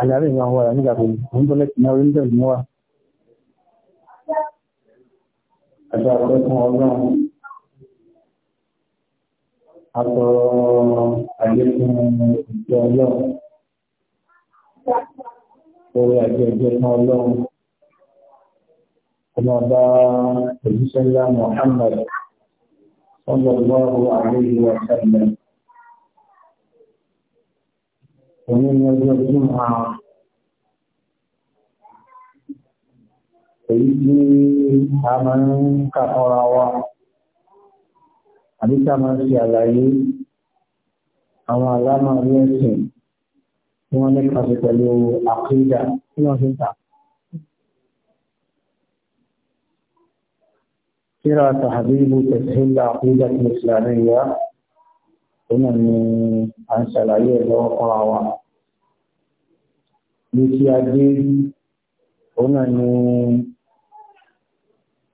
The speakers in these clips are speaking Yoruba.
àyàrí ìwọ̀n àwọn àyàrí ìgbàgbé òun tó lẹ́tì náà orílẹ̀ èdè níwà àjọ àpẹẹ fún ọlọ́run àtọ̀ àyè fún ìjọ ọlọ́run orí àjọ ìjọ fún ọlọ́run ọmọ ọba èyí Muhammad sallallahu alaihi wa sallam òní ní ọjọ́ jùmọ̀ èyí tí a máa ń kà fọ́ra wa àbí ká máa ń ṣe àlàyé àwọn alámà ní ẹ̀sìn tí wọ́n Ònà ni a ń ṣàlàyé ẹ̀ lọ́wọ́ fúnra wa. Ní kí a dé ònà ni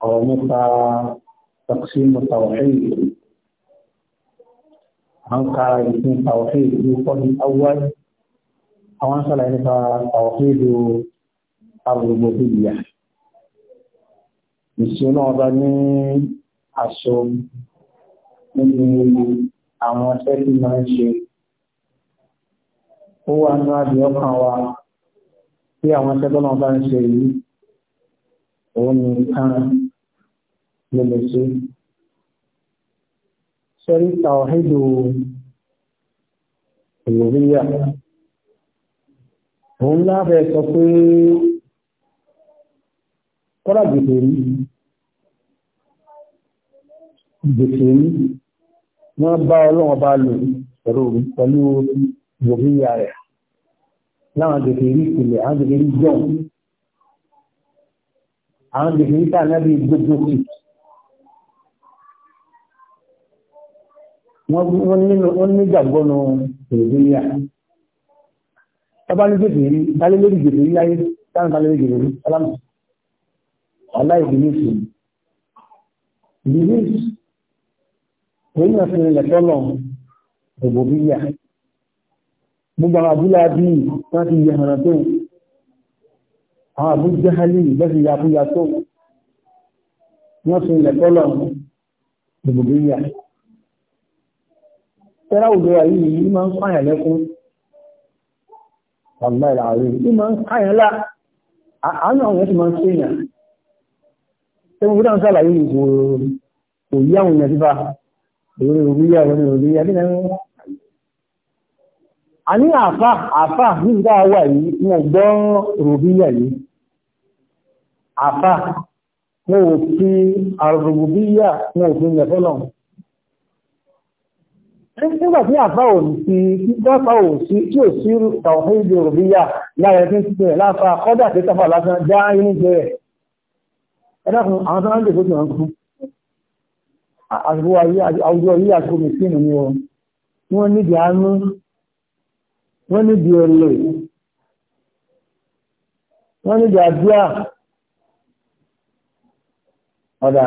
ọ̀rọ̀ nípa taqsimu tawhid. À ń ka ìpín tawhid ní kọ́ni awwal. Àwọn ṣàlàyé nípa tawhid ar-rububiyyah. Ìṣúná ọba ní aṣọ nínú àwọn sẹ́kì máa ń ṣe ó wà ní àbí ọkàn wa tí àwọn sẹ́kọ́nà bá ń ṣe yìí òun nìkan ló lè ṣe sẹ́rí tàwáhídù ìwòríyà òun lábẹ́ sọ pé kọ́lá gbèsè rí gbèsè rí wọ́n bá ọlọ́wọ́n bá lò pẹ̀lú pẹ̀lú ìwòmíyà rẹ̀ láwọn gègé rí ìpìlẹ̀ àwọn gègé rí jọ̀ọ́ àwọn gègé rí tànàbí gbogbo kì wọ́n nígbàgbọ́ nu ìwòmíyà tọ́bá ní gègé rí dálé lórí gègé rí láyé táwọn dálé lórí gègé rí aláìsí ní ìsìn òun náà fi rìnlẹ̀ tọ́lọ̀ òbò bíyà gbogbo àwọn abúlé abí wọ́n ti yẹ hàn tó àwọn àbújá hálì bẹ́sẹ̀ yakuya tó wọ́n fi rìnlẹ̀ tọ́lọ̀ òbò bíyà tẹ́lá òjò wà yìí yìí máa ń pààyàn lẹ́kún ọ̀gbà ìlàrí yìí máa ń pààyàn lá àánú àwọn ẹ̀sùn máa ń ṣèyàn tẹ́wọ́n fúdà ń sàlàyé ìwò òyí àwọn èèyàn lórí òwúyà lórí òwúyà ní ẹ̀rọ a ní àfà àfà nígbà wà yìí wọ́n gbọ́ ròbíyà yìí àfà wọ́n ò fi àròbíyà wọ́n ò fi ń lẹ̀fọ́lọ̀ nígbà tí àfà ò sí gbọ́pá ò sí tí ò sí ọ̀fẹ́ ìdí ròbíyà lára ẹ̀kí ti bẹ̀rẹ̀ láfa kọ́dà tí sáfà lásán já inú jẹ́ ẹ̀ ẹ̀dàkùn àwọn tó máa ń àwùjọ yìí àtúkò mìsínú ni o wọ́n níbi àánú wọ́n níbi ọ̀lẹ̀ wọ́n níbi àdúrà ọ̀dà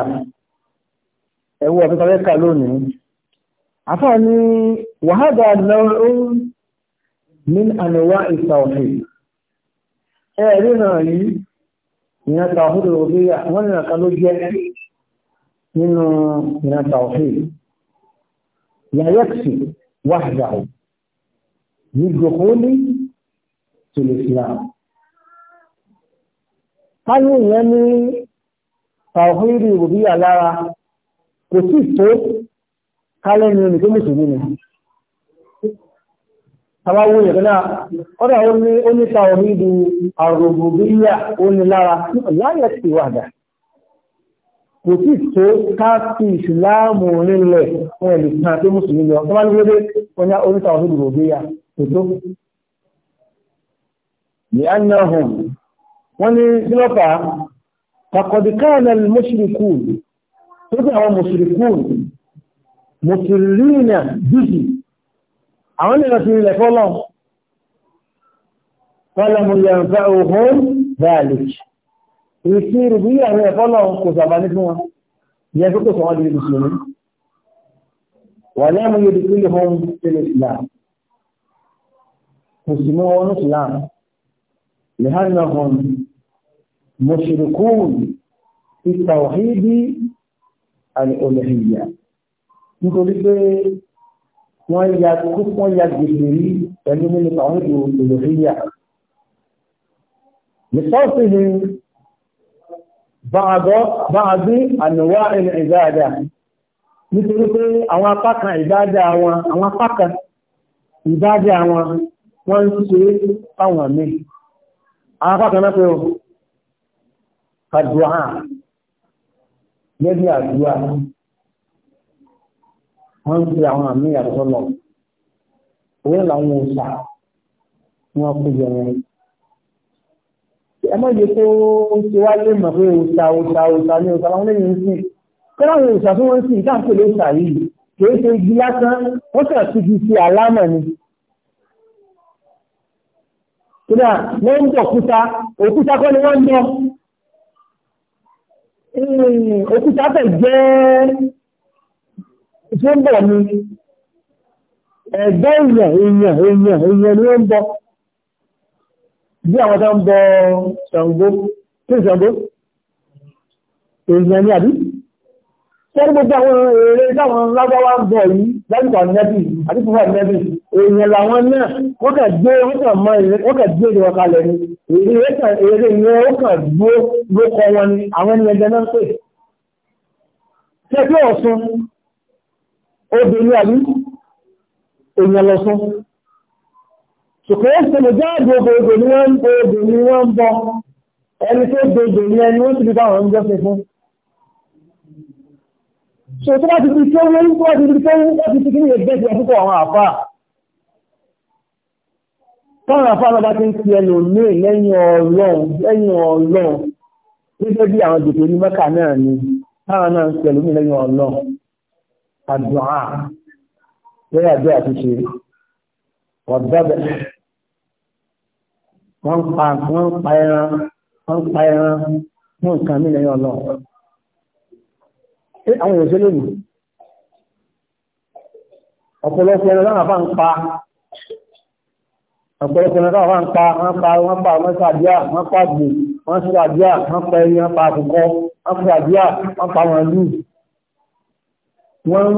ẹ̀wọ́ ọ̀pẹ́ta lẹ́kà lónìí afá ní wàhádà lọ́rọ̀ ní àníwá ìsàwọ̀fẹ́ ẹ̀rí náà yìí ìyẹn tàwọn wọ́n nìyàn kan nínú ìran tàwọ̀fẹ́ yàyẹ́kì wáhàdáwò ní gbogbolé tó lè fi hàn. káyọ̀ ìyẹn ní tàwọ̀fẹ́ rí ìwòbíyà lára kò sí tó kálẹ̀ ní omi tó mùsùlùmí ni àwọn owó ìrìn náà ọ̀dà ó ní tàwọ̀fẹ́ rí àrùbùbíyà ó ní lára láyẹ̀ sí wàdà kò tí tó káàkì ìsìláàmù nílẹ̀ wọn lè kàn pé mùsùlùmí lọ tó bá ní wọlé wọn ní oríta ọdún ìdìbò bí ya kò tó. ní anahun wọn ní sílọ́pà kàkọ̀dìkáàlẹ̀ mọ́ṣíríkù tó bí àwọn mọ́ṣíríkù mọ́ṣírínà bíjì àwọn ènìyàn ti rìnlẹ̀ fọ́lọ́ ìrìsí ìrìbí àwọn ẹ̀fọ́lọ̀ kò sàbání fún wọn yẹ́ tó kò sọ wọ́n di mùsùlùmí wà lẹ́mú yóò di kílè hàn sílẹ̀ islam mùsùlùmí wọn islam lẹ́hánà hàn mùsùlùkún ìtàwọ̀hídì àlùfẹ́yà nítorí pé wọ́n ya kó wọ́n ya gbèsè rí pẹ̀lú mílíọ̀nù àwọn ìlú Lè sọ́ọ̀sì ni بعض بعض انواع العباده nítorí pé àwọn apákan ìbádà wọn àwọn apákan ìbádà wọn wọ́n ń ṣe fáwọn àmì àwọn apákan náà pé o kàdùá lẹ́bí àdúrà wọ́n ń ṣe àwọn àmì àtọ́lọ̀ òun làwọn òṣà wọn kó jẹ wọn ẹ má jẹ́ kó ṣe wá lé mọ̀ pé òòṣà òòṣà òòṣà ní òòṣà wọn lẹ́yìn sí kọ́láwọn òòṣà tó wọ́n sì dáàpọ̀ ló ṣà yìí kìí ṣe igi lásán wọ́n sì àti igi ti àlámà ni. kódà wọ́n ń bọ̀ òkúta òkúta kọ́ ni wọ́n ń bọ̀ hmm, òkúta fẹ̀ jẹ́ ṣé ń bọ̀ ni ẹ̀gbẹ́ èèyàn èèyàn èèyàn èèyàn ni wọ́n ń bọ̀ bí àwọn tó ń bọ Ṣàngó tí ń Ṣàngó èèyàn ní àbí sẹ́rí gbogbo àwọn èrè táwọn lágbàwá ń bọ̀ yìí dájúkọ̀ nẹ́bì àti fúnfà nẹ́bì èèyàn làwọn náà wọ́n kà gbé wọ́n kà mọ wọ́n kà gbé ìwọ̀n kalẹ̀ ni èrè yẹn ó kà gbó ló kọ wọn ni àwọn ẹni ẹgbẹ́ náà pè tẹ́tí Ọ̀ṣun obìnrin àbí èèyàn lọ́sùn ṣùgbọ́n ó ṣe lè jáde ògbòdò ní wọ́n ń bọ ògbò ní wọ́n ń bọ ẹni tó gbogbo ní ẹni wọ́n ti fi báwọn ń jọ́sẹ̀ fún ṣe tó bá ti fi tó wọ́n tó bá ti fi tó wọ́n ti fi kí ní ẹgbẹ́ ti ọdún àwọn àfà táwọn àfà lọ́ba ti ń fi ẹnu ní lẹ́yìn ọlọ́run lẹ́yìn ọlọ́run gẹ́gẹ́ bí àwọn dèbè ní mẹ́kà náà ni táwọn náà ń fi ẹlòmí lẹ́yìn ọlọ́run àdùn àà lẹ́yìn àdúrà ti ṣe ọ̀dọ́bẹ̀ wọ́n pa wọ́n pa ẹran wọ́n pa ẹran fún nǹkan mi lẹ́yìn ọ̀nà ṣé àwọn èèyàn ṣe lónìí ọ̀pọ̀lọpọ̀ ẹran láwọn àbá ń pa ọ̀pọ̀lọpọ̀ ẹran láwọn àbá ń pa wọ́n pa wọ́n pa wọ́n ṣàdíà wọ́n pa gbò wọ́n ṣàdíà wọ́n pa ẹni wọ́n pa àkùkọ wọ́n ṣàdíà wọ́n pa wọn lù wọ́n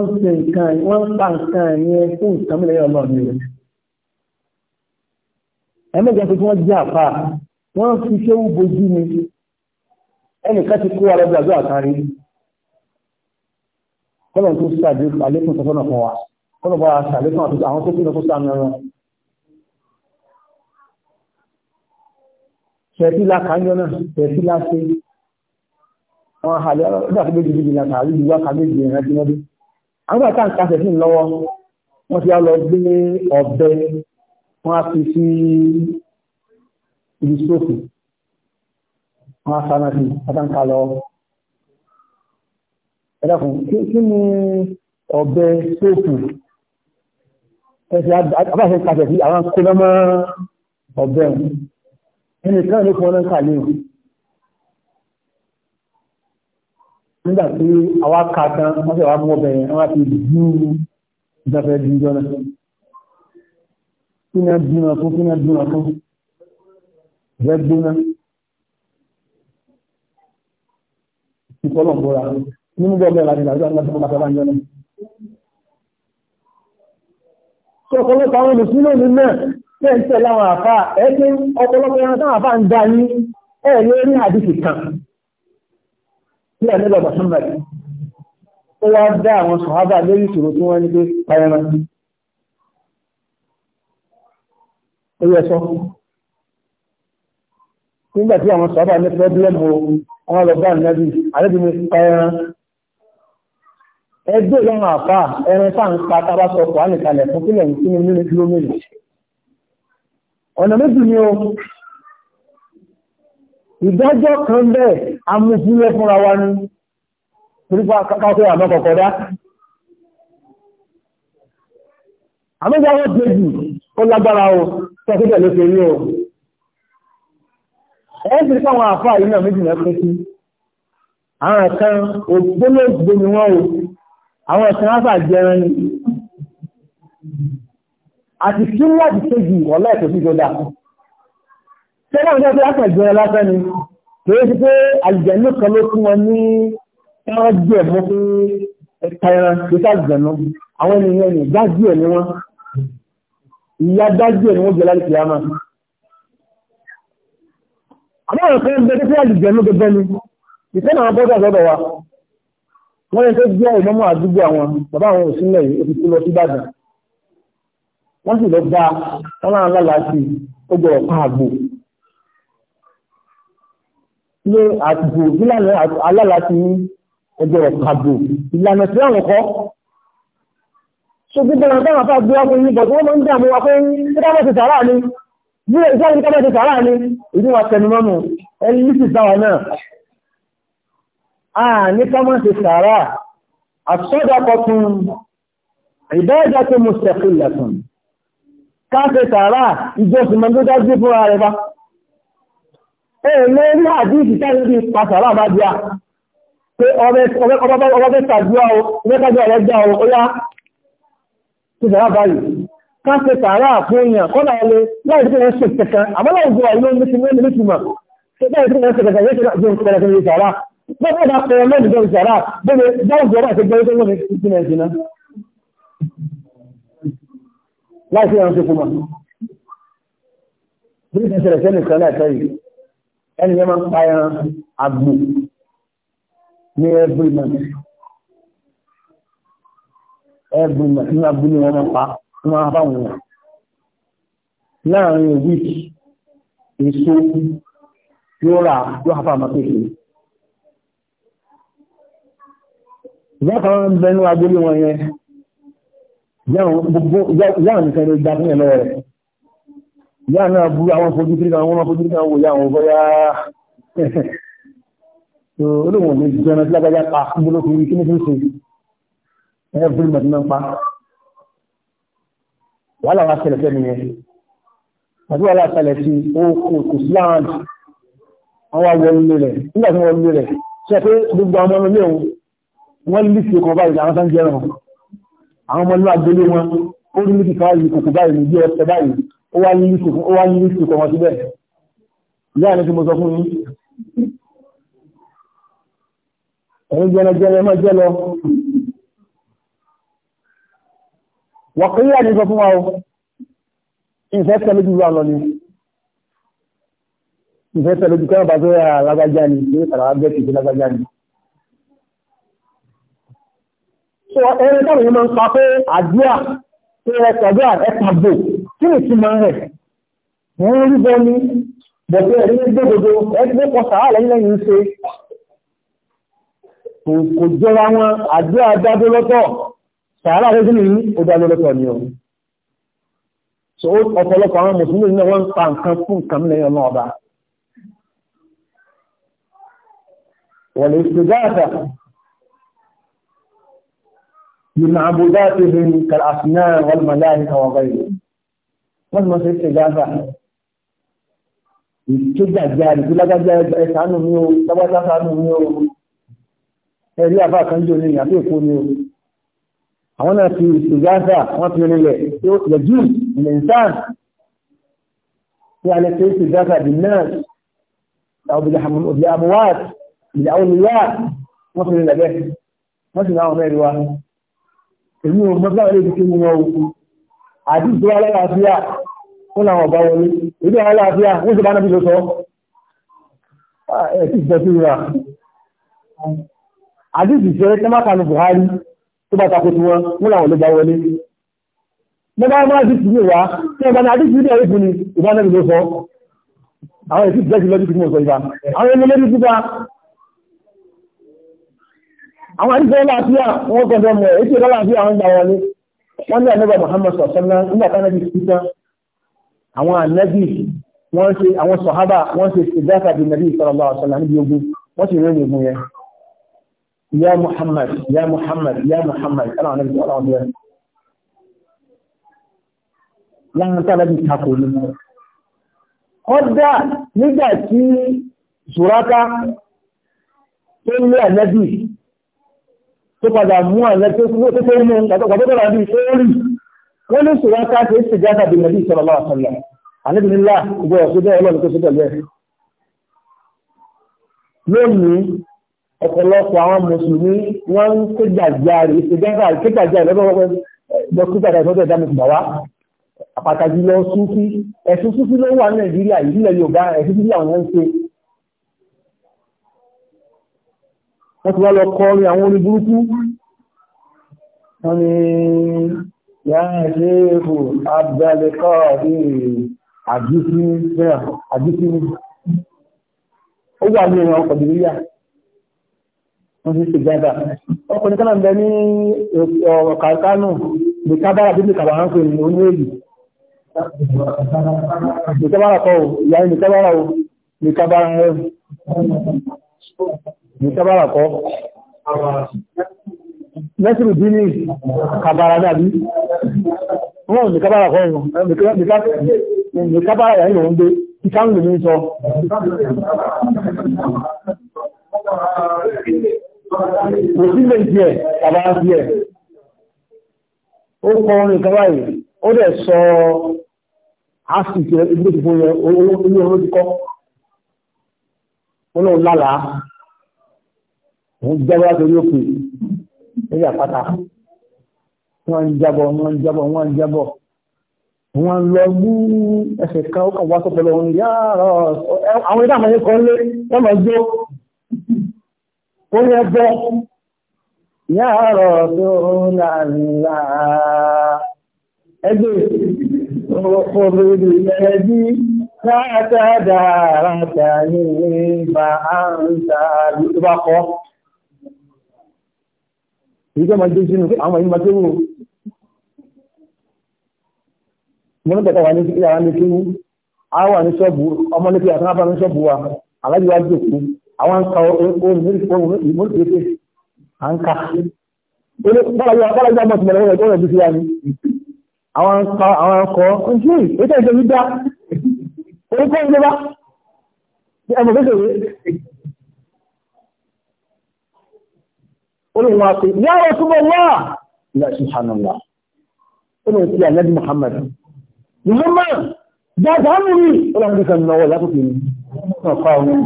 ń pa nǹkan yẹn fún nǹkan mi lẹ́yìn ọ̀nà ẹ̀mẹ́jọ pé kí wọ́n jẹ́ àpá wọ́n fi ṣéwú bojú ni ẹnìkan ti kó ara gbàgbọ́ àkárí kọ́lọ̀ tó ṣàdé àlékún tọ́sọ́nà fún wa kọ́lọ̀ bá ṣàlékún àti àwọn tó kúrò tó sàmì ọ̀rọ̀ ṣẹ̀tí lákàájọ́ náà ṣẹ̀tí láṣẹ wọn àhàlẹ́ ọ̀dàkú méjì méjì láta àrí ìlú wákà méjì ìrántí mọ́dé àwọn àtàǹkà ṣẹ̀tí lọ́wọ́ wọ́n ti á lọ gbé ọ̀bẹ wọ́n á fi sí ibi sófù wọ́n á sáná sí pátánkà lọ ẹ̀dàkùn kí ni ọ̀bẹ sófù ẹ̀sẹ̀ abáṣẹ kàtẹ̀ sí àwọn kónámọ́ ọ̀bẹ ẹni kan ló fún ọlọ́nkà ní nígbà tí àwọn kàtàn wọ́n sì wá mú ọ̀bẹ yẹn wọ́n á fi kíná dúnà fún kíná dúnà fún rẹ̀ dúnà ìkọlọ̀ bọ́ra nínú bọ́ọ̀bẹ̀ láti ìlàjọ́ aláṣẹ́ fún àtàbà ìjọ náà ọ̀pọ̀lọpọ̀ àwọn olùsúlò ní náà tẹ́ ń tẹ́lá àwọn àfá ẹ́kí ọ̀pọ̀lọpọ̀ ẹran táwọn àfá ń dá ní ẹ̀rí orí àdìsì kan ní ẹ̀lẹ́gbẹ̀ Muhammad ó wá dá àwọn sọ̀hábà lórí ìṣòro tí wọ́n ní pé pàyẹran ó yẹ sọ nígbà tí àwọn sábà ní pẹ́bílẹ́mù àwọn ọlọ́gbà nẹ́bí àrẹ́bìnrin ẹran ẹgbẹ́ ìlànà àfà ẹran sáà ń pa tábà sọ pọ̀ ánìkalẹ̀ fún kílẹ̀ ń sínú nínú kílómìnì ọ̀nà méjì ni o ìdájọ́ kan bẹ́ẹ̀ amúsílẹ̀ fúnra wa ní nípa kákàtọ́ àmọ́ kọ̀kọ̀dá àmọ́jà wọ́n dé jù ó lágbára o tọ́sílẹ̀ ló ṣe rí o ẹ́sì rí káwọn àfáà yìí náà méjì mẹ́kún sí àwọn ẹ̀kan ògbólógbò ni wọ́n o àwọn ẹ̀kan áfà jẹran ni àti kí láti kéjì ọ̀lá ẹ̀kọ́ sí ìjọdá tẹ́lá ìjọba tó láti ẹ̀jọ́ lásán ni kìí sí pé àlùjànnú kan ló fún wọn ní ẹran díẹ̀ mọ́ pé ẹ̀ka ẹran kìí sí àlùjànnú àwọn ènìyàn ní ìgbà díẹ̀ ni wọ́n ìyá dájú ẹ̀ ni wọ́n jẹ láti kìí àmà. Àwọn ọ̀fẹ́ ń bẹ́ẹ̀ tí àjùjẹ́ ló gẹ́gẹ́ ni, ìfẹ́ náà bọ́dọ̀ lọ́dọ̀ wa. Wọ́n yẹ tó jẹ́ ìmọ́mọ́ àdúgbò àwọn bàbá àwọn òsínlẹ̀ yìí, ó ti kú lọ sí Ìbàdàn. Wọ́n sì lọ bá wọn lára lálá sí ó gbọ́dọ̀ pa àgbò. Ilé àgbò ìlànà alálà sí ní ẹgbẹ̀rọ̀ àgbò. Ìlànà tí àwọn kọ́ ṣùgbọ́n àwọn táwọn afá gbé ọkùnrin ní bọ̀tí wọ́n mọ́ ń dàmú wa pé ìdámọ̀ ti sàárà ni bí ìṣẹ́ ní kámọ̀ ti sàárà ni ìdí wa tẹnu mọ́nu ẹni ní ti sáwà náà a ní kámọ̀ ti sàárà àṣọ́dọ̀kọ̀tún ìbẹ́ẹ̀dẹ́kọ̀ mustaqillatun káfẹ́ sàárà ìjọsìn mọ́ tó dájú fún ara rẹ̀ bá èèlé ní àdíjì sáré bí pa sàárà bá jẹ́ pé ọbẹ̀ sàdúrà o mẹ́tàjọ́ rẹ̀ gbà o ó yá tó sàrà báyìí ká ṣe sàrà fún èèyàn kọ́nà ilé láì tó wọ́n ṣe kẹ̀kẹ́ àmọ́ láì gbọ́ àìlọ́ ní ti mẹ́rin ní tùmọ̀ tó bá ìtú wọ́n ṣe kẹ̀kẹ́ yóò ṣe láti ń kọ́nà ìṣẹ̀lẹ̀ sàrà bẹ́ẹ̀ bá pẹ̀lú lẹ́nu jọ sàrà bẹ́ẹ̀ dáhùn jọ bá ṣe gbẹ́ tó wọ́n ti tún ẹ̀sìn náà láì sí ẹran ṣe fún wọn bí ìṣẹ̀lẹ̀ sẹ́nì kan ẹgbùn nínú abúlé wọn máa pa wọn máa bá wọn láàrin wíìkì èso yóò rà yóò hafa máa pèsè ìyá kan ń bẹ nínú abúlé wọn yẹn yáà nìkan ló gbá fún ẹ lọ́wọ́ rẹ̀ yáà náà bú àwọn fojú kiri kan wọ́n fojú kiri kan wò yá àwọn bọ́yá olóhùn ní jẹ́nà tí lágbàjá pa gbólókùnrin kí every month náà pa wàhálà wa ṣẹlẹ̀ fẹ́mi yẹn àti wàhálà ṣẹlẹ̀ sí oko kò sí land àwọn awọlé rẹ̀ nígbà tí wọ́n lé rẹ̀ ṣe pé gbogbo àwọn ọmọ ilé òun wọ́n lè fi ọkọ̀ báyìí àwọn sáńjẹ́ rẹ̀ àwọn ọmọ náà gbélé wọn ó rí lókè káwàá yìí kòkò báyìí ní bí ọ̀sẹ̀ báyìí ó wá ní lókè kọ̀ wọn síbẹ̀ ìyá ni tí mo sọ fún yín ẹ̀yin jẹ́rẹ́jẹ́rẹ́ máa jẹ́ lọ wọ̀kíyà ní sọ fún wa o ìfẹ́ tẹ̀lé jù lọ ni ìfẹ́ tẹ̀lé jù kẹ́wàá bá tó yà lágbájá ni ní ìtàràwà bẹ́ẹ̀ tìjú lágbájá ni so ẹni táwọn yìí máa ń pa pé àdúrà tó yẹ tọ́jú ẹ̀tàbò kí ni ti máa rẹ̀ wọ́n rí bọ́ ní bọ̀tẹ́ ẹ̀rí ní gbogbo ẹgbẹ́ pọ̀sà àlẹ́yìn lẹ́yìn ṣe kò jọra wọn àdúrà dábó lọ́tọ̀ sàárà rẹ̀ sí ní ọdá lọ́lọ́pọ̀ ni ọ̀rọ̀ so ọ̀pọ̀lọpọ̀ àwọn mùsùlùmí náà wọ́n ń pa nǹkan fún nǹkan lẹ́yìn ọ̀nà ọba wọ̀lẹ̀ ìsìgáàtà yìí máa bó dáàtì rí kàràsìnà wọ́n máa láàrin àwọn ọ̀gá àwọn náà fi ìgbàgbà wọ́n fi rinlẹ̀ tó yẹjú ìlẹ̀nsán tí a lè fi ìgbàgbà bí náà àwọn òbí àmúwàt ìdí àwọn olùyà wọ́n fi rinlẹ̀ bẹ́ẹ̀ wọ́n sì náà mẹ́rin wa èmi ò mọ́gbà wọlé ti kéwì wọn o àti ìtura aláàfíà wọn làwọn ọba wọlé èdè àwọn aláàfíà wọn sì bá náà bí lọ sọ ah, ẹ ti sọ sí wa àti ìṣẹ́ tẹ́mákanu Buhari tó bá tako tí wọ́n wọ́n làwọn ló bá wọlé mo bá máa ti tìlú wa tí ọba náà àdíjì ilé ẹ̀rẹ́fún ni ìbá náà ló sọ àwọn èsì jẹ́ ìlọ́jú tí mo sọ ìbá àwọn ẹni lórí síta àwọn àdíjì ọlá àti àwọn kọjọ mọ̀ èsì ọlá àti àwọn ìgbà wọlé wọ́n ní ànẹ́bà Muhammad sọ̀sọ́nà nígbà tánà bí síta àwọn ànẹ́bì wọ́n ṣe àwọn sọ̀hábà wọ́n ṣe ìdáka bí nàbí sallallahu alaihi wasallam níbi ogun wọ́n sì rẹ́rìn ogun yẹn يا محمد يا محمد يا محمد أنا أنا بدي أقرأ láwọn tàbí tako ní ọdá nígbà tí ṣùráká tó ní ànẹ́bì tó padà mú ànẹ́bì tó tó mú àtọ́kọ̀tọ́kọ̀tọ́ àbí tó rí wọ́n ní ṣùráká tó ṣe játa bí nàbí ìṣọ̀rọ̀lá àṣọ̀lá ànẹ́bì nílá gbọ́ ọ̀ṣọ́dẹ́ ọlọ́run tó ṣe tẹ̀lé lónìí ọ̀pọ̀lọpọ̀ àwọn mùsùlùmí wọ́n ń kéjàjáre ìṣèjọba kéjàjáre lọ́wọ́wọ́ dókítà ìfọ́jọ́ ìdámi ìgbà wá pàtàkì lọ súnfí ẹ̀sùn súnfí ló wà ní nàìjíríà ìdílé yorùbá ẹ̀sùn súnfí àwọn ń ṣe wọ́n ti wá lọ kọ́ orin àwọn orin burúkú wọ́n ni yá ṣe é fò abẹ́lẹ́kọ́ ní àjísí ó wà ní ìran ọkọ̀ wọ́n ti ṣe jáda ọkùnrin kan náà bẹ ní ọ̀rọ̀ kàkánù ní kábàrà bíbí kàbàrà ń pè ní oní èyí ní kábàrà kọ́ ò ìyá ní kábàrà ò ní kábàrà ẹ ní kábàrà kọ́ nẹ́sìrì bí ní kàbàrà dàbí wọ́n ní kábàrà kọ́ ò ní kábàrà yà ń gbé ìkáńlù ní sọ kò sí lè jẹ́ bàbá ń jẹ́ ó kọ orin kan báyìí ó dẹ̀ sọ áṣìkì ìgbé ti fún yẹn ilé oró ti kọ́ ó lóun lálàá òun jábọ́ látòrí òkè lórí àpáta wọ́n ń jábọ̀ wọ́n ń jábọ̀ wọ́n ń jábọ̀ wọ́n ń lọ mú ẹsẹ̀ kan ó kàn wá sọ́pọ̀lọ́ òun yára àwọn ìdáàmọ̀ yẹn kan lé wọ́n lọ jó kó yẹ bẹ́ yàrá tó lànà ẹgbẹ́ òfòrìrì ẹbí látàdára tàní bá ń tàbí tó bá kọ́. Ìjọ́ máa jẹ́ sínú àwọn ìmọ̀ tó wù. Mo ní bẹ̀tẹ̀ wà ní yàrá ní kí ní, a wà ọmọ àwọn nǹkan olùdókè à ń kà bọ́lájá mọ̀ tìmọ̀lẹ́ wọ́n ẹ̀kọ́ ẹ̀dúsí wa ni àwọn nǹkan àwọn ọkọ̀ ojú ètò ìṣe yìí dá orúkọ ìjọba ẹmọ fẹsẹ̀ rẹ̀ olùwọ̀n àti ìyá rẹ̀ túnbọ̀ wà ìyá subhanallah olùwọ̀n ti àlẹ́dì Muhammad Muhammad dáadáa mú mi olùwọ̀n ti sàn náwó látòkè ní ọ̀pá ọ̀hún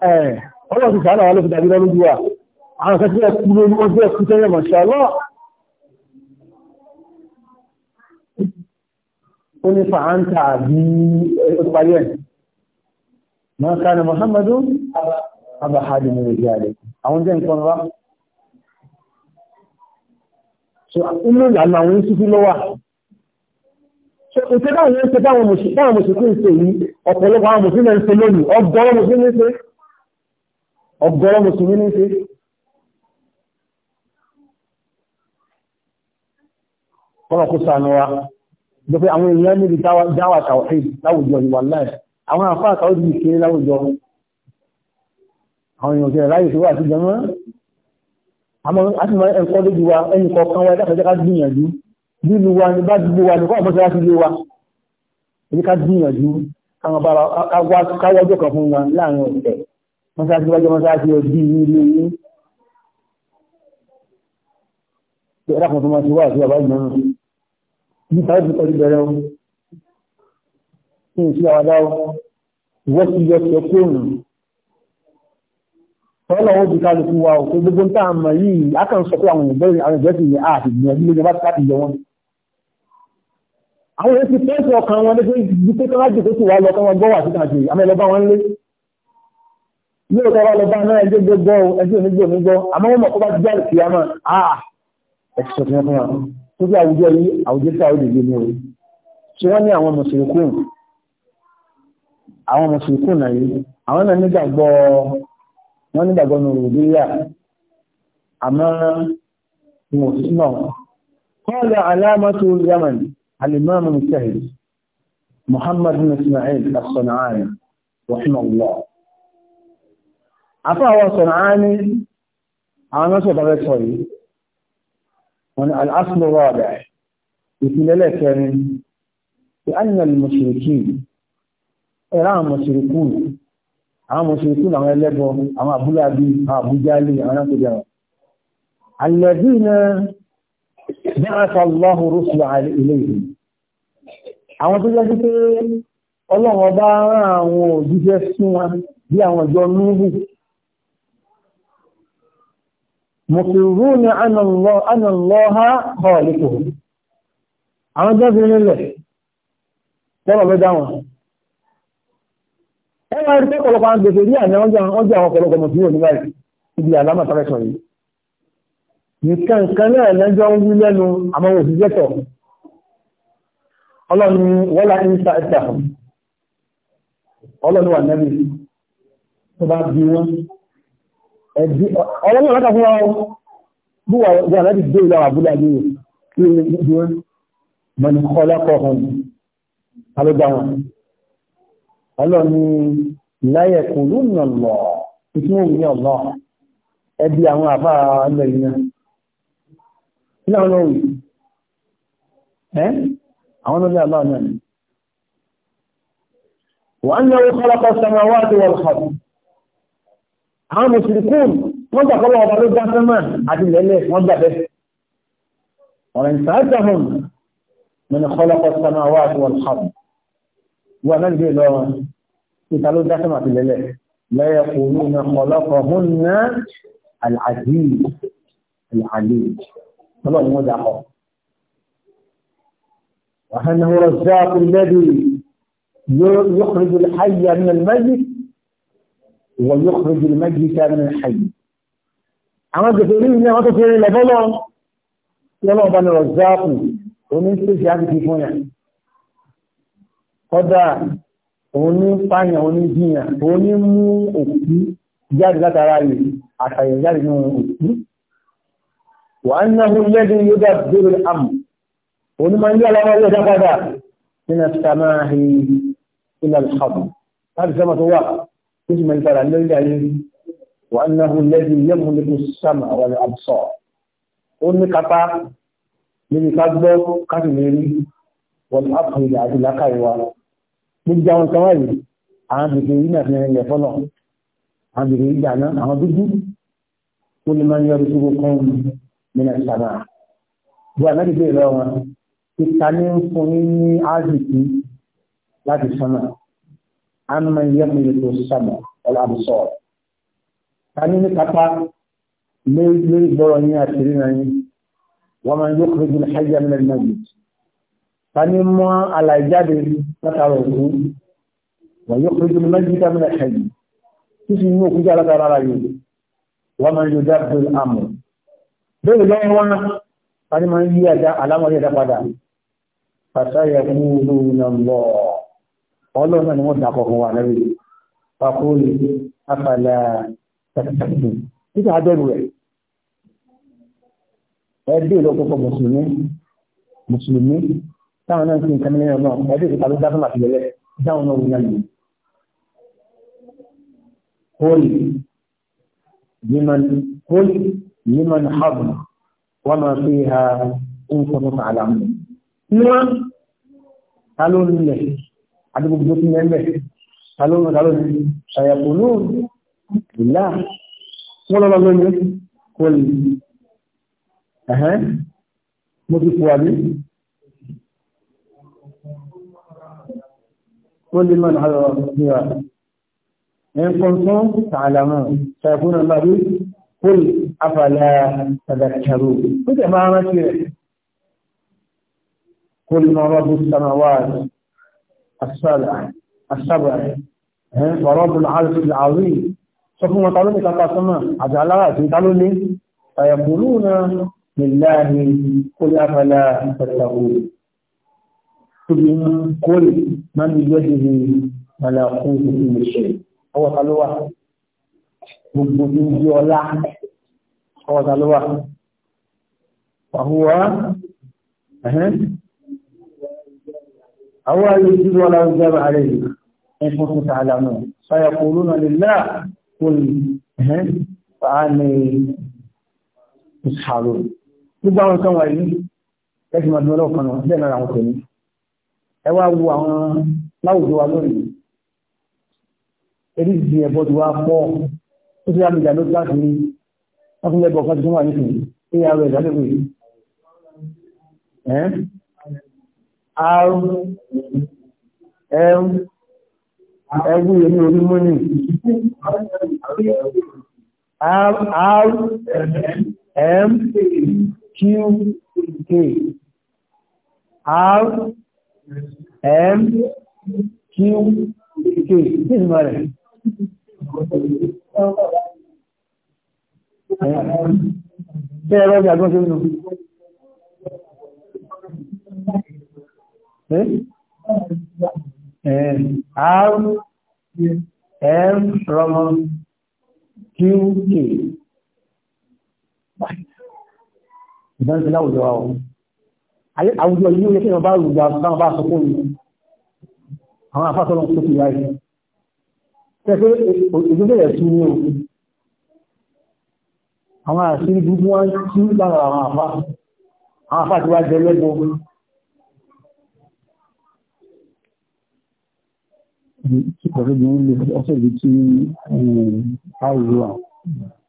ọlọ́run ti sàánà wà ló fi dàbí lọ́lójú wa àwọn akẹ́kọ̀ọ́ tí wọ́n kú lórí wọ́n fẹ́ kú tẹ́lẹ̀ mọ̀ṣá lọ́ ó ní fàáńtà bí ó ti parí ẹ̀ máa ká ní Muhammadu abahadi ní ìgbé àdé àwọn jẹ́ nǹkan wá so inú ìlànà àwọn ìsúfí ló wà ìṣẹ́ táwọn mùsùlùmí ń yìí ọ̀pọ̀lọpọ̀ àwọn mùsùlùmí ń ṣe lónìí ọgbọ́n mùsùlùmí ń ṣe ọ̀gọ̀rọ̀ mùsùlùmí ní ṣe kọ́nà kó sànú wa jọ pé àwọn èèyàn níbi dáwà tàwàí láwùjọ ìwà láì àwọn àfáà tàwà ti ṣe láwùjọ àwọn èèyàn kẹrẹ láyé ṣe wà sí jẹmọ́ àmọ́ àti mọ́ ẹ̀kọ́ lójú wa ẹni kọ̀ọ̀kan wa ẹ̀dáfẹ́ ká gbìyànjú lílu wa ní bá dúgbò wa ní kọ́ àmọ́ láti lé wa ẹni ká gbìyànjú káwọn bára káwọ́jọ́ kan fún wa láàrin ọ̀sẹ̀ mọ́sáàsì wájú mọ́sáàsì òbí ilé yìí tí ẹ̀rọ kan tó máa ti wá àti bàbá ìgbọ̀n náà ní sáà ti bẹ̀rẹ̀ o kí n sí àwàdà o ìwọ́ ti yọ ti ọkọ òrùn tọ́lọ̀ ó di o pé a kàn sọ pé àwọn ìbẹ̀rẹ̀ àwọn ìbẹ̀rẹ̀ sì ní àti ìgbìyànjú lójú bá láti yọ wọn. àwọn èèyàn ti pẹ́ẹ́sì ọkàn wọn ní pé bí pé kí wọ́n á jòkó sí wa lọ kí wọ́n gbọ́ wà ilé ìta bá lọ bá náà ẹjọ́ gbogbo ẹjọ́ onígbò onígbò àmọ́ wọn mọ̀ bá ti jáde kìí àmọ́ ah, fún tó bí àwùjọ yìí àwùjọ ní tí wọ́n ní àwọn àwọn náà yìí àwọn náà nígbàgbọ́ alimami muhammad ismail rahimahullah àfáwọn sọ̀rọ̀ á ní sọ yìí wọn kẹrin a na mọ̀ṣirikí ẹ̀rá mọ̀ṣirikú àwọn mọ̀ṣirikú àwọn ẹlẹ́bọ àwọn àbúlábí àbújálì àwọn akẹ́bẹ̀rẹ̀ alẹ́bí na bí a sọ lọ́hù rúsù ilé yìí àwọn tó jẹ́ pé ọlọ́wọ́ bá rán àwọn òjíṣẹ́ sí wọn bí àwọn ìjọ núhù مصرون أن الله أن الله خالقهم àwọn jẹ́bí nílẹ̀ tọ́rọ ń gbèsè ní àmì ọjọ́ àwọn kọlọpàá mọ̀ báyìí ibi àlámà tọ́rẹsọ̀ yìí nìkan kan náà lẹ́jọ́ ń wí lẹ́nu àmọ́ òṣìṣẹ́ tọ̀ ọlọ́ni wọ́lá ìsà ẹ̀sà ọlọ́ni wà nẹ́bí tó bá bí wọ́n ẹ̀dí ọ̀rọ̀ náà lọ́ta fún wa bú wa wà láti dé ìlú àbúlé ayé ilé ìdí wọn mọ̀nì kọ́lá kọ̀ọ̀kan alógbà wọn ọlọ́ni láyẹ̀ kò ló nà lọ ìtí wọn ní ọ̀lọ́ ẹbí àwọn àbá ilẹ̀ yìí náà kí náà wì ẹ́ àwọn náà ní àlọ́ náà wọ́n náà kọ́lá kọ́ sọmọ wá ti wọ́n kọ́ àwọn mùsùlùkùn wọ́n gbà kọ́lọ̀ ọba ló dá sánmà àti lẹ́lẹ̀ wọ́n gbà bẹ́ẹ̀ ọ̀rẹ́ ìsáàtàhùn mẹ́ni kọ́lọ́kọ́ sánmà wà àti wọn hàn wọ́n náà gbé lọ ìta ló dá sánmà àti lẹ́lẹ̀ lẹ́yẹ kò ní na kọ́lọ́kọ́ hún ná àlàájì àlàálì tọ́lọ̀ ni wọ́n dà kọ́ wàhánà rọ̀ záàkù lẹ́bi yóò yóò ويخرج الميت من الحي àwọn ìgbèfèrè ilé wọ́n tó fèrè lẹ́bọ́lọ́ tí ọlọ́run bá ní rọ̀záàpù oní ṣèṣì àgbègbè fún yà kọ́dà òun ní pààyàn òun ní jìyàn òun ní mú òkú jáde látara rẹ̀ àtàyẹ̀ jáde nínú òkú wà á náà mú lẹ́dùn yóò dá bèrè àmù òun máa ń yí aláwọ̀ ilé ẹ̀dá padà nínú sàmáhì ilẹ̀ àlùkàbù láti sọ́mọ́ tó wà tó sì máa ń fara lórí ayé rí wà ń náà lẹ́bi yẹ́mu lẹ́bi sàmà àwọn àbùsọ̀ ó ní kápá níbi ká gbọ́ káàkiri lè rí wọn ápù ilẹ̀ àti lákàrí wa gbogbo àwọn kan wáyé àwọn bèbè yìí náà fi rìn lẹ̀ fọ́nà àwọn bèbè yìí dáná àwọn dúdú ó ní máa ń yọrí sí gbogbo nínú sàmà bí wọn láti àmọ́ ìyẹ́mu yìí tó sàmù ọ̀làbùsọ̀ tani ní kápá lórí gbọ́rọ̀ yín àti rí náà yín wọ́n máa ń yóò kúrò jù láyé mẹ́rin náà yìí tani mọ́ àlàjáde látara òkú wọ́n yóò kúrò jù láyé mẹ́rin náà yìí tí sì ní òkú jára lára yìí wọ́n máa ń yóò dábìl àmọ́ bẹ́ẹ̀ lọ́wọ́ tani máa ń yí àlámọ́rí ẹ̀dá padà fàṣà yẹ kúrò náà lọ́ọ̀ ọlọ́run náà ni wọ́n dàkọ̀ fún wa lẹ́rù pàkóòlì afàlà tẹ̀tẹ̀tẹ̀ títà abẹ́rù rẹ̀ ẹbí ìlọ́pọ̀pọ̀ mùsùlùmí mùsùlùmí táwọn náà sì ń kẹ́mi lẹ́yìn náà ẹbí ìta ló dá fún àtìlẹ́lẹ̀ dáhùn náà wúyá nù. kóòlì yíman kóòlì yíman hàbù wọ́n máa fi ha ń sọ́kùn àlàmù. ìwọ́n ta ló ń lẹ̀ àdúgbò tó ti mẹ́mẹ́ talóhùn talóhùn ṣàyẹ̀kù lóhùn ìlà wọ́n lọ́lọ́ lóyún kò lè ẹ̀hẹ́ mo ti fò àbí kò lè mọ̀ náà lọ́wọ́ sí wa ẹ̀yìn kọ̀ọ̀kan tààlàmọ́ ṣàyẹ̀kù náà lọ́wọ́ kò lè afàlà tàdàkàrò ó jẹ́ máa rántí rẹ̀ kò lè mọ̀ ọ́rọ́ bí sàmáwáàdì السابع السبع ورب العرش العظيم شوفوا ما قالوا لك قسما اجعلها في قالوا لي فيقولون لله قل افلا تتقون قل من بيده ملكوت كل شيء هو قالوا gbogbo ní ibi ọlá ọwọ́ta ló أو يجيز ولا يجاب عليه إن كنتم تعلمون فيقولون لله قل فأني تسحرون gbogbo àwọn kan wáyé lẹ́sìn máa dúnmọ́ lọ́kàn náà bẹ́ẹ̀ náà àwọn tẹ̀lé ẹ wá wo àwọn láwùjọ wa lónìí eré ìdí ẹ̀bọ ti wá pọ̀ ó ti rámi ìdánilójú láti rí wọ́n fún ẹbọ kan tuntun wà nísìnyí ar ìdánilójú r m ẹgbẹ́ ìlú orí múni r r m q k r m q k kí ni mo rẹ̀? Bẹ́ẹ̀ rọ́jà gbọ́n ṣe ń R M Roman Q K ìbọn ti láwùjọ wa ohun àwùjọ yìí yẹ kí wọ́n bá rùgbà báwọn bá sọ fún àwọn afásọ́lọ́ tó ti wáyé tẹ́fẹ́ ìgbẹ́gbẹ́ rẹ̀ tún ní òkú àwọn àṣírí gbogbo wọn tún lára àwọn afá àwọn afá ti wá jẹ lẹ́gbọ́n ọ̀rẹ́bìnrin lè ọ́sẹ̀ lè tí àwòrán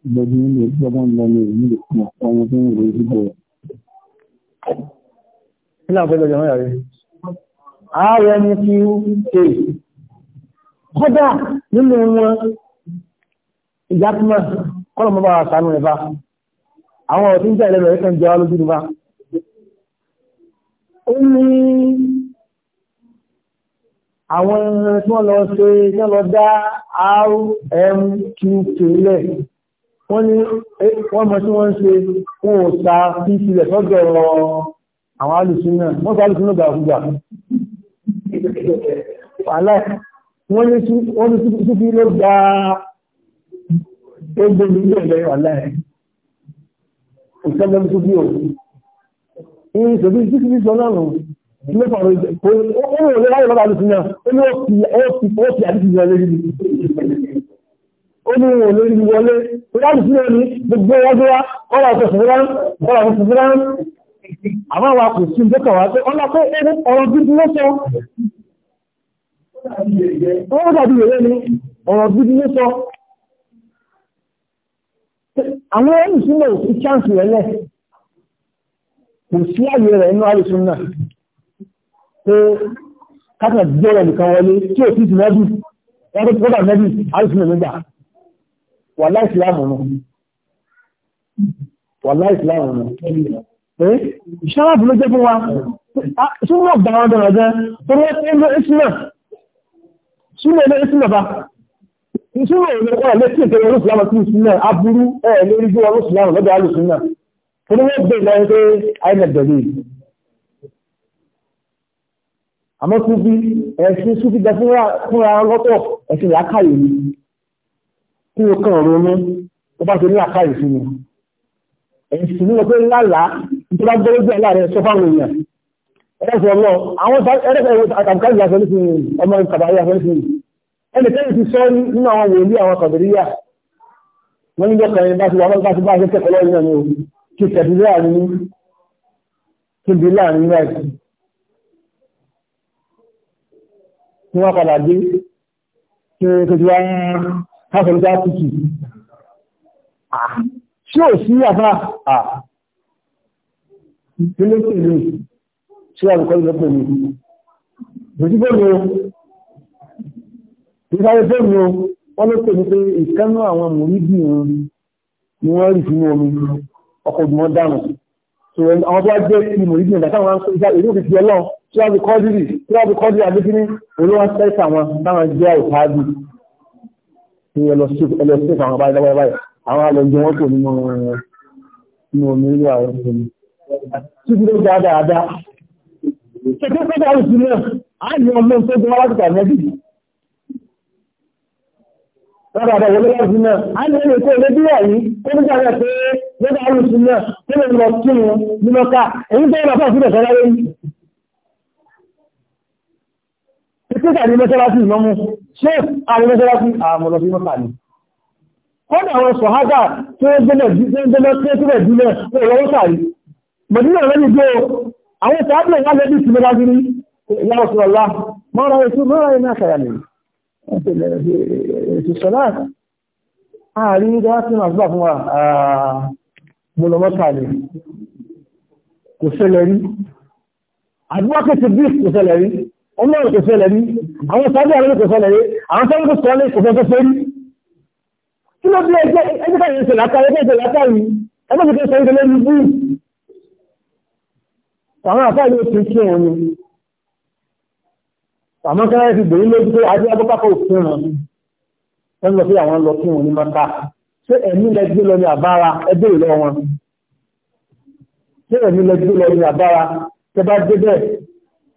ìgbẹ̀bìnrin lè gbọ́gbọ́n lọ́nà èyí lè fún ọmọ tó ń rẹ̀ ìgbẹ̀ rẹ̀. Ilé àpẹẹlẹ̀ jẹ́ mẹ́rẹ̀ rẹ̀. Ààrẹ ni kí ó ṣe kọ́dà nínú wọn ìyàtúmọ̀ kọ́lọ̀ mọ́ bá wà sánú rẹ̀ bá. Àwọn ọ̀tí ń jẹ́ ẹlẹ́mẹ̀rẹ́ kan jẹ́ wá lójú ni bá. Ó ní àwọn tí wọ́n lọ ṣe tí wọ́n lọ dá rmqk lẹ̀ wọ́n ní wọ́n mọ̀ tí wọ́n ń ṣe fún òta fífi rẹ̀ sọ́dọ̀ àwọn alùsùnà wọ́n sọ alùsùnà gbàgbà wọ́n ní súnfí ló gba gbogbo ilé ẹ̀lẹ́ ọ̀lẹ́ òṣèlú súnfí ò ní ìṣòbí súnfí sọ náà ilé sọ̀rọ̀ ìpò ó ní òlera ìlọ́dà ló ti yàn ó ní ó fi àdìsí lórí wọlé tó bá lùsí gbogbo ọjọ́ wa kọ́lá ọ̀sẹ̀ fúnra kọ́lá ọ̀sẹ̀ fúnra àmọ́ wa sí ìjọkọ̀ wa pé ọlá pé ẹni ọ̀rọ̀ gidi ló sọ dàbí ìwé ni ọ̀rọ̀ gidi ló àwọn ẹni sílẹ̀ òfin chance pé kákà jẹ́rẹ̀ nìkan wọlé tí ò sí ti mẹ́bí wọ́n tó kọ́dà mẹ́bí alìsìn nígbà wà láìsìláàmù nù wà láìsìláàmù nù pé ìṣàlàbù ló jẹ́ fún wa súnmọ̀ gbà wọn dọ̀rọ̀ jẹ́ tó rẹ́ tí ó ìsìnà súnmọ̀ ilé ìsìnà bá ìsúnmọ̀ ilé ọ̀rọ̀ létí ìkẹrẹ olùsìláàmù sí ìsìnà aburú ẹ̀ lórí bí wọn olùsìláàmù lọ́dọ̀ alùsìnà tó rẹ́ gbé lọ́yẹ́ pé àìmẹ̀dẹ̀lẹ́ àmọ́ súfí ẹ̀sìn súfí jẹ fúnra lọ́tọ̀ ẹ̀sìn làákàyè ni kí o kàn ronú ó bá ṣe ní làákàyè sí ni ẹ̀sìn ní ọgbẹ́ ńláńlá tó bá gbẹ́rẹ́ jẹ́ láàrin ẹ̀sọ́ fáwọn èèyàn ẹ̀sìn ọlọ́ àwọn àtàkùnkàrí ìyá sọ́lé fún ọmọ ìkàbàrí ìyá sọ́lé fún ẹni tẹ́lẹ̀ ti sọ nínú àwọn wòlíì àwọn kàbìríyà wọ́n ní lọ́kàn yẹn bá ti wà wọ́n bá ti bá ṣe kẹ́kọ̀ọ́ lọ́yìn náà ni o kí tẹ̀bí láàrin kí tí wọ́n padà dé tí ó wọ́n ló ní pé ìkánú àwọn mòrídì ni wọ́n rí sínú omi ọkọ̀ ògbìmọ̀ dànù àwọn tó wá jẹ́ mòrídì ìdàkà wọn ìṣàlẹ̀ ìlú òkè tí wọ́n fi kọ́dìrì tí wọ́n fi kọ́dìrì àbíkíní olówó sẹ́sà wọn táwọn jẹ́ ìpáàdì ní ẹlọ́sífà àwọn báyìí lọ́wọ́ báyìí àwọn alọ́jọ́ wọn kò nínú inú omi ìlú àwọn ọmọ títí ló dá dáadáa ṣètò pé dáa òsì náà á ní ọmọ tó gbé wá láti àmẹ́bí dáadáa wọlé wá sí náà á ní ẹni tó lé bíwà yìí tó ní sáré pé lọ́dọ̀ àlùsùn náà tó lè lọ kí wọn nínú ká èyí tó yẹ títà ní mẹ́sẹ́lásí ìmọ́mú ṣe àwọn mẹ́sẹ́lásí àmọ̀lọ́sí ah, mọ́ta ni kọ́nà àwọn sọ̀hágà tí ó gbẹ́lẹ̀ gbẹ́lẹ̀ tí ó tíbẹ̀ jùlẹ̀ lọ́wọ́ sàárì mọ̀dínà rẹ̀ nìjọ́ àwọn tàbílẹ̀ wà lẹ́bí ti mẹ́lá gírí yàwó sọ̀rọ̀lá mọ́ra ètò mọ́ra iná kàrà ní eh, ètò sọ̀lá àárín ìdá tí wọ́n gbà fún wa ah, mọ̀lọ́mọ́ta ni kò ṣẹlẹ̀ rí àdúgbà kò ti bí kò rí ọmọ ìkò sẹlẹ̀ rí àwọn sábẹ́ àwọn ìkò sẹlẹ̀ rí àwọn sábẹ́ ìkò sẹlẹ̀ kò fẹ́ fẹ́ rí kí ló bí ẹgbẹ́ ẹgbẹ́ ìyẹn ṣe látàrí ẹgbẹ́ ìṣe látàrí ẹgbẹ́ ìṣe sọ ìṣẹ̀lẹ̀ rí bú àwọn àfáà yóò ti kí òun ni àmọ́ kí wọ́n ti gbèrú lójú pé adé agbọ́pápọ̀ òfin ràn wọ́n lọ sí àwọn lọ kí òun ní mọ́ta ṣé ẹ̀mí lẹ́gbẹ́ lọ ní àbára ẹgbẹ́ ìlọ wọn ṣé ẹ̀mí lẹ́gbẹ́ lọ ní àbára tẹ bá dé bẹ́ẹ̀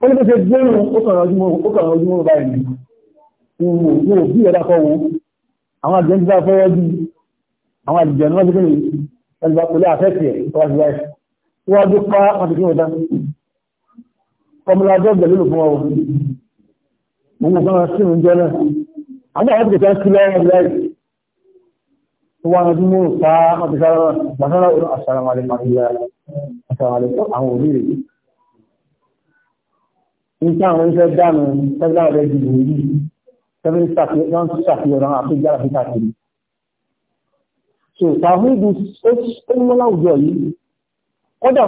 wọ́n ní bó ṣe gbóòrùn ó kàn ojúmọ́ báyìí ní òun òbí ẹ̀dá kọ́ wọn àwọn àjẹ́ nígbà fọ́wọ́ bí àwọn àjẹ́ níwájú kí ni ẹgbà pẹ̀lú àfẹ́sì ẹ̀ tó wájú wáyé tó wájú pa àti kí wọ́n dá kọmọlájọ́ gbẹ̀lú lò fún ọwọ́ gbogbo kan sí oúnjẹ náà àwọn àwọn kìtà sí lọ́wọ́ láì tó wá ojú mú pa àti sára gbàsára àṣàràmàlẹ̀ màlúwà àṣàràmàlẹ̀ àwọn òbí rèé nígbà àwọn oníṣẹ́ dànù tẹ́lá ọ̀rẹ́ ìdìbò yìí tẹ́lá ìṣàfihàn ṣàfihàn àpéjà àti káàkiri. so tàwíìdù ó mú láwùjọ yìí kódà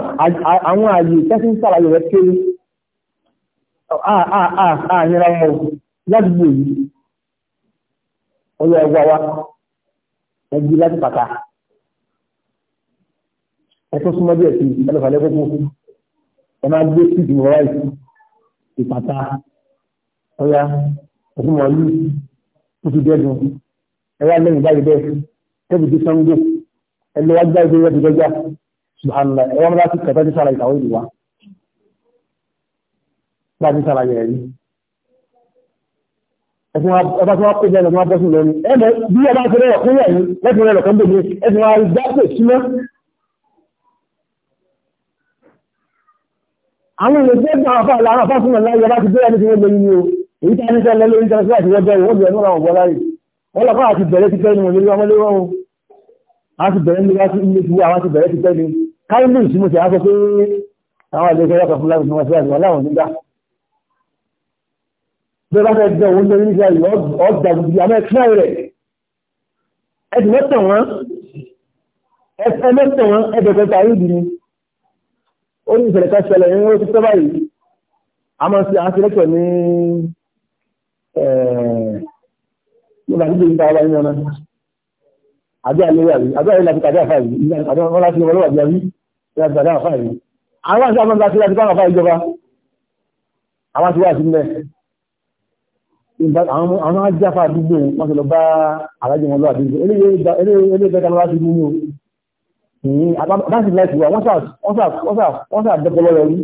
àwọn ààyè tẹ́sí ń sàlàyé rẹ̀ kéré àyẹ̀rọ wọn ládùúgbò yìí ọyọ ẹwà wa ẹgbẹ́ láti pàtà ẹ̀tún súnmọ́ díẹ̀ sí ẹlẹ́fàlẹ́ gbogbo ẹ máa gbé síbi wọ́ráìsì ìpàtà ọ̀yà òkú mọ̀lú títí dẹ́gun ẹ̀yà lẹ́yìn báyìí bẹ́ẹ̀ tẹ́bi tí sango ẹlẹ́wà gbá ìgbé rẹ̀ dẹ́gbà subhanallah ẹ̀wà mọ́lá ti kẹta ti sára ìtàwé ìwà bá ti sára yẹ̀rẹ̀ rí ẹ̀fọ́n tó wá pèsè ẹ̀lẹ́fọ́n bọ́sùn lọ́nu ẹ̀mẹ́ bí ọba ti rẹ̀ ọ̀kúnrẹ̀ yìí lẹ́fọ́n rẹ̀ lọ́kọ́ àwọn èèyàn tó gbà àfà lára àfà fún ọ̀la yọba ti bẹ́ẹ̀ ní ti wọ́n lórí o èyí tí a ní sẹ́ lọ lórí ìjọba síwájú wọ́n bẹ̀rẹ̀ wọ́n bẹ̀rẹ̀ níwọ̀n àwọn ọ̀la yìí wọ́n lọ́kọ́ àti bẹ̀rẹ̀ ti bẹ́ẹ̀ ni wọ́n lórí ọmọ lórí wọn a ti bẹ̀rẹ̀ ní láti ilé ti wú àwọn ti bẹ̀rẹ̀ ti bẹ́ẹ̀ ni káyọ̀lù tí mo ti á sọ pé àwọn àlejò yàtọ̀ fún láti wọ́n síwájú wọn láwọn nígbà bí wọ́n fẹ́ jẹ́ òun lórí nígbà ó ní ìṣẹ̀lẹ̀ kan ṣẹlẹ̀ ní ó ti tẹ́ báyìí a máa ṣe àwọn ṣẹlẹ̀kọ̀ ní nígbà tí ìgbà wà nínú ọ̀nà àbí àlewà rí àbí àlewà fi kàdé àfà rí ìgbà àti wọn láti wọn lọ́wọ́ àbí àrí ìgbà àti kàdé àfà rí àwọn àti àwọn láti láti báwọn àfà ìjọba àwọn àti wà sí ní àbáṣe láti wà wọ́n sàdọ́pọ̀lọ́ rẹ̀ rí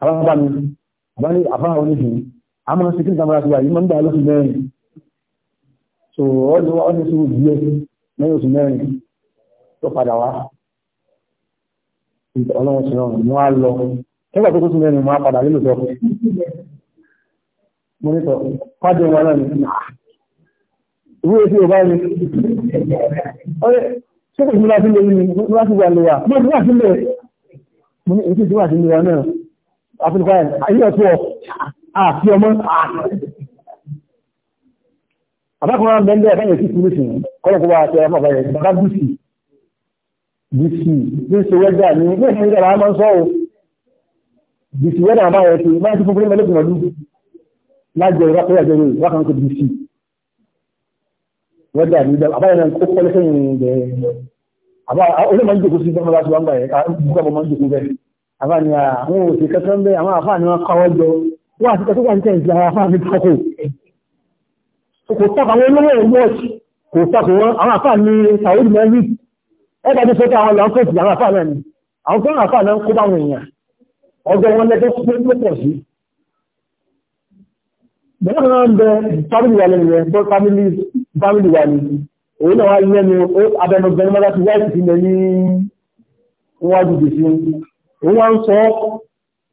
àbábá mi àbáni àbáhà oníṣìn a máa ṣe kí ìdámọ́ra ti wà yìí máa ń dá lọ́sùn mẹ́rin so ọdún wọ́n ní sùúrù díẹ̀ lẹ́yìn oṣù mẹ́rin tó padà wá ọlọ́run sí ọ̀run wọ́n á lọ nígbà tó tó sùn mẹ́rin wọ́n á padà lílò tọ́ mo ní sọ pàdé wọn náà ní ìwé tí ò bá ní Ṣé kò sí láti lè ní láti wà lè wà? Bí ó ti lè mo ní èyí tí wà sí lè wà náà. Àfihàn ayé ọ̀tọ́ àti ọmọ àbákùnrin àwọn bẹ́ndẹ̀ ẹ̀fẹ́ yẹn sí solution kọ́lọ̀kọ́wà àti ẹ̀fẹ́ ọ̀bẹ̀rẹ̀ bàbá gúúsì gúúsì gúúsì wẹ́dà ní ilé ìfẹ́ ìjọba a máa ń sọ́ọ̀ gúúsì wẹ́dà àbá yẹn ti máa ń tí fúnfún mẹ́lẹ́kùn ọdún lájẹ ìwákọ̀ọ́ àjẹrò ìwákan kò gúúsì wẹ́dà ní àbá yẹn àbá onímọ̀ ìjòkó sí ìjọba láti wọ́n báyẹ̀ gbogbo ọmọ ìjòkó bẹ́ẹ̀ àbá ni àwọn òsì kẹsàn ń bẹ àwọn àfáà ni wọ́n kọ́wọ́ jọ wọ́n àti kẹsàn wà ní tẹ̀sí àwọn àfáà ní tọ́kù kò tọ́kù àwọn olówó wọ́ọ̀sì kò tọ́kù wọn àwọn àfáà ní saudi mẹ́rin ẹgbẹ́ tó sọ́kù àwọn lọ́kọ̀ọ̀sì àwọn àfáà náà ni àwọn kan àfáà náà ń kó báwọn èèyàn ọjọ́ wọn lẹ́tọ́ pọ̀ sí bẹ́ẹ̀ náà ń bẹ family wa lẹ́nu rẹ̀ family wa ni òun náà wá lẹ́nu abẹnugbẹ̀rún mọ́lá ti wáìtì sílẹ̀ ní wájú gbèsè òun wá ń sọ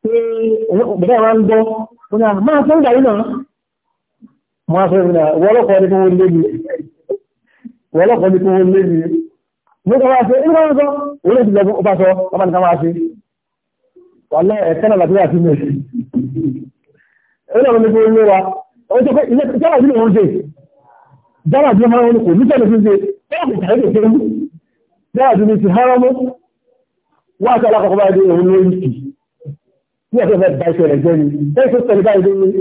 pé bẹ́ẹ̀ wá ń gbọ́ wọn náà máa fẹ́ ìgbà yìí náà máa fẹ́ ìgbà wọ́lọ́kọ́ ní kí wọ́n lé mi wọ́lọ́kọ́ ní kí wọ́n lé mi mo kọ́ wá ṣe ìgbà wọn sọ òun lè ti dára bí ọmọ orí kò ní tẹ́lẹ̀ fún ṣe dára bí ti hara mọ́ wá àti alákọ̀ọ́kọ́ báyìí òun ló ń kì ní ẹ̀fẹ́ fẹ́ báyìí ṣẹlẹ̀ jẹ́ ni ẹ̀fẹ́ tó tẹ̀lé báyìí lórí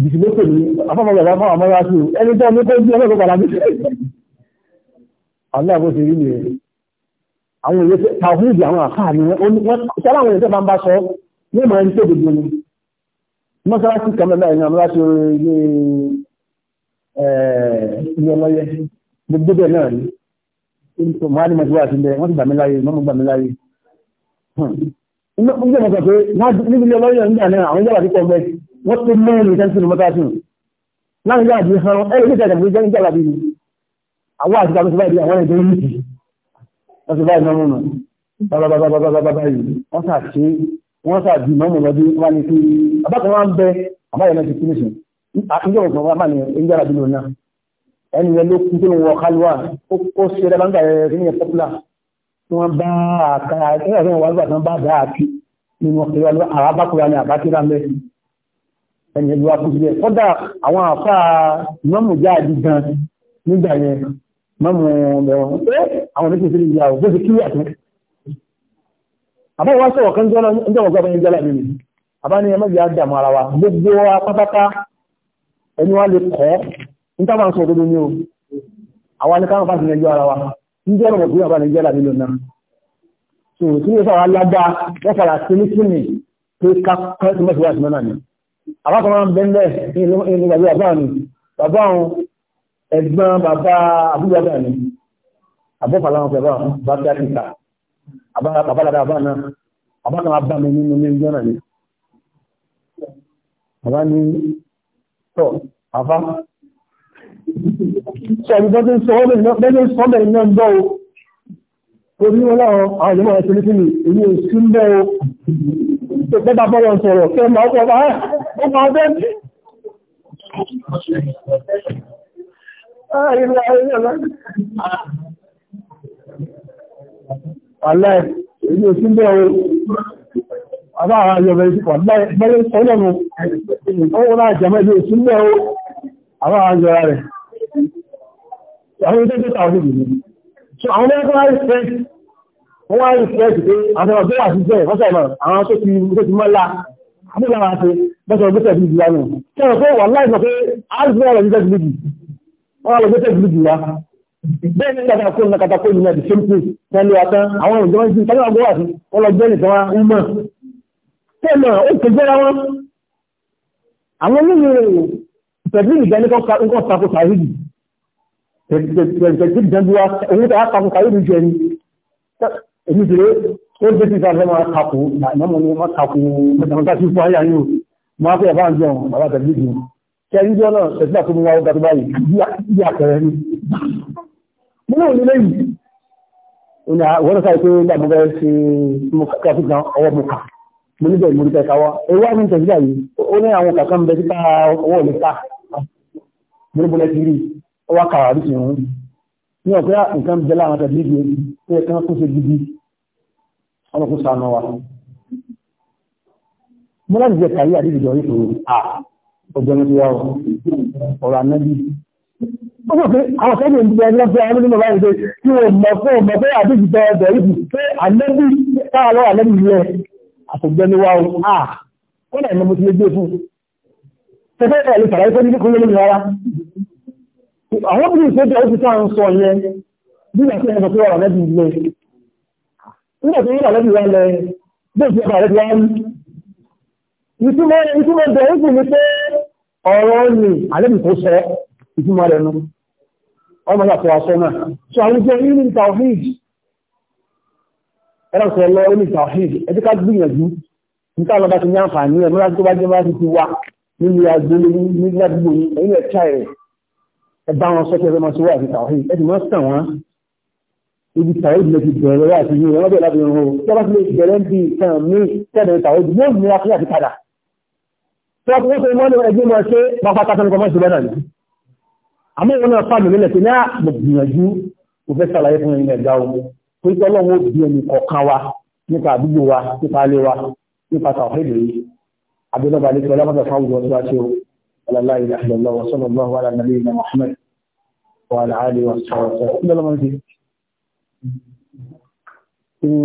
bìtìlókè ní afọ́mọ̀gbẹ̀rẹ̀ afọ́mọ̀ amọ́ra sí ẹni tó ní kó bí ọmọ ìgbà lábí àwọn àbó ti rí ni àwọn ìwé tàwùjì àwọn àkáà ni wọ́n sọ́lá àwọn ìwé bá ń bá sọ ní ìmọ̀ ẹni tó gbogbo ni mọ́sálásí kan mẹ́ta ìrìn àmọ́ra sí ilé Eh, ìyọlọyẹ gbogbo bẹ́ẹ̀ náà ni mọ́hálì mọ́tíwá àti ilẹ̀ wọ́n ti gbàmí láyé mọ́mú gbàmí láyé ń hmm. jẹ́ mọ́tọ̀ pé níbi ìyọlọyẹ ń gbà náà àwọn ìjọba ti pọ̀ bẹ́ẹ̀ wọ́n ti mú ní sẹ́ńtì ní mọ́tà tún láwọn ìjọba ti hàn ẹ́ ilé ìjọba ti jẹ́ ìjọba bí àwọn àti ìjọba ti báyìí àwọn ìjọba ń bì wọ́n ti báyìí mọ́mú nù bábábábábábá yìí wọ́n sà ṣe wọ́n sà dì mọ́mú lọ́dún wọ́n ní kí abákan wọn bẹ àbáyọ̀ náà ti kí àtúnjọ̀rọ̀ ìgbọ̀n wà ní ìjára bí lónà ẹni rẹ ló kún tó ń wọ kálúwà ó ṣe ẹ̀rẹ́ bá ń gbàrẹ̀ rẹ̀ nínú pọ́pùlà tí wọ́n bá àkà ẹ̀rọ ìwọ̀n wàlúwà tí wọ́n bá dá àti nínú ọ̀pẹ̀lú àwọn abákùnrin àmì àbákíra mẹ́ ẹni ẹ̀lú akúnjẹ kọ́dà àwọn àfà mọ́mù jáàdì gan nígbà yẹn mọ́mù ẹ̀wọ̀n àwọn oníṣẹ́ ìṣẹ́lẹ̀ ìyàwó bó ti kí àtúnṣe àbáwọ̀ wá sọ̀rọ̀ kan jọ́ ẹni wá lè kọ́ nítàbà ń sọ òdodo ní o àwọn anìkáwọn fásitì ẹjọ́ ara wa ń jẹ́ ọ̀rọ̀ bí ọba nàìjíríà nílò náà so tí ó sọ̀rọ̀ alágbá wọ́n fara sí ní kíni pé ká kọ́ sí mẹ́sìlá sí mẹ́nà ni àbákan máa ń bẹ́ ńlẹ̀ ní ìgbàgbé àbá ni bàbá àwọn ẹ̀gbọ́n bàbá àbúrò ni àbọ̀fà láwọn pẹ̀lú bá bí àkíkà bàbá dada àbá náà àbákan máa bá mi nínú ni tọ́ àbá ṣàgbọ́n tó ń sọ bẹ́ẹ̀ náà ń bọ́ o orí wọn láwọn àwọn ìjọba ẹ̀sìn ní fílì èyí ò sí ń bẹ́ o tó pẹ́ bá bọ́lọ̀ sọ̀rọ̀ kẹ́ máa ọkọ̀ bá ó máa bẹ́ẹ̀ ní Àlẹ́ èyí ò sí ń bẹ́ o àbáwọn ayọ̀bẹ̀ ìsìnkú àgbẹ́lẹ̀ sọ́lọ́nù owó náà jẹmọ́ ilé ìsúnlẹ̀ ó àbáwọn ayọ̀ra rẹ̀ àwọn ìdẹ́gbẹ́ tààrí ìlú so àwọn ẹgbẹ́ respect wọ́n wá respect pé àwọn ọ̀gbẹ́ àti jẹ́ ìfọ́sẹ̀ náà àwọn tó ti tó ti mọ́lá àbúlára àti bẹ́sẹ̀ ọgbẹ́sẹ̀ bí ìlú lánà kẹrọ pé wà láì sọ pé àìsàn ọ̀rọ̀ ìjẹ́ ìlú wọ́n wá lọ gbẹ́sẹ̀ ìlú jù wá bẹ́ẹ̀ ni ìgbàgbà kó nà katakó yìí náà ìjọba ìjọba ìjọba ìjọba ìjọba ìjọba tẹ́lẹ̀ ó ti jẹ́ra wọn àwọn onímọ̀ pẹ̀lú ìgbà ní kọ́ tako sàrídì pẹ̀lú ìjọba owó tó wá tako sàrídì jẹ ni èmi ti rẹ ó jẹ́ ti sàrídì máa tako ìmọ̀ ni máa tako mẹ́tàmọ́tà sí fún ayé ayé máa fẹ́ bá ń jẹun bàbá tẹ̀lé jù jọ náà tẹ̀sílà tó mú wa báyìí bí àpẹẹrẹ ni mo níbẹ̀ mo níbẹ̀ káwá ewá ní tẹ̀síà yìí ó ní àwọn kàkà ń bẹ síta ọwọ́ mi ká mo ní bọ́lẹ̀ kiri ó wá kàwá bí sùn ní ọ̀pẹ́ nǹkan bẹ láwọn tẹ̀sí ìgbé tó yẹ kán kó ṣe gidi ọmọ kó wa mo láti jẹ kàyé àdídìjọ yìí fòrò à ọjọ́ ní tiwa o ọ̀rọ̀ ànábì ó sọ pé àwọn sẹ́yìn ìdíje ẹni lọ́pẹ́ àwọn onímọ̀ báyìí pé kí wọ́n mọ̀ fún ọmọ pé àdídìjọ ọjọ́ yìí pé ànábì àtọ̀gbẹ́niwá ohun àà ó dà ìmọ̀ mo ti lè gbé fún tẹ́fẹ́ ẹ̀ lè sàlàyé pẹ́lú kó lórí rárá àwọn obìnrin tó jẹ́ òfin táà ń sọ yẹn bí i àti ẹ̀sọ̀ tó wà lẹ́bí ilé nígbà tó yíra lẹ́bí wọn lẹ bí òfin ọba lẹ́bí wọn ìtumọ̀ ìtumọ̀ bẹ̀ ó sì ní pé ọ̀rọ̀ ni àlẹ́bí tó sọ ìtumọ̀ rẹ̀ nu ọmọ yàtọ̀ aṣọ náà so àwọn jẹ́ yìí ní ẹ̀rọ sọ lọ ní tawhid ẹ̀jẹ̀ ká gbìyànjú níta lọ bá ti ní àǹfààní ẹ̀ múra tó bá jẹ́ bá ti ti wá nínú agbélé nílé àdúgbò yìí ẹ̀yìn ẹ̀ka rẹ̀ ẹ̀ bá wọn sọ́kẹ́ ẹ̀rọ sọ wà ní tawhid ẹ̀ sì mọ́ sàn wọ́n ibi tawhid lè ti bẹ̀rẹ̀ wá sí yìí wọ́n bẹ̀rẹ̀ láti rún o tí wọ́n ti bẹ̀rẹ̀ ń bi kan mí tẹ̀lé tawhid yóò àmọ́ ìwọ́n náà fà mí lẹ́lẹ̀ pé náà mo gbìyànjú sàlàyé fún ẹ̀yìn ẹ̀dá omi pé ọlọ́run ó bí ẹnì kọ̀ọ̀kan wa nípa àdúgbò wa nípa alẹ́ wa nípa tàwọ́fẹ́lì yìí abẹ́lọ́ba lè fi ọlọ́mọdé fáwọn ọdún wa ṣe o ọlọ́lá ilẹ̀ àdọ́lọ́ wa sọ́nà ọgbọ́n wa lànà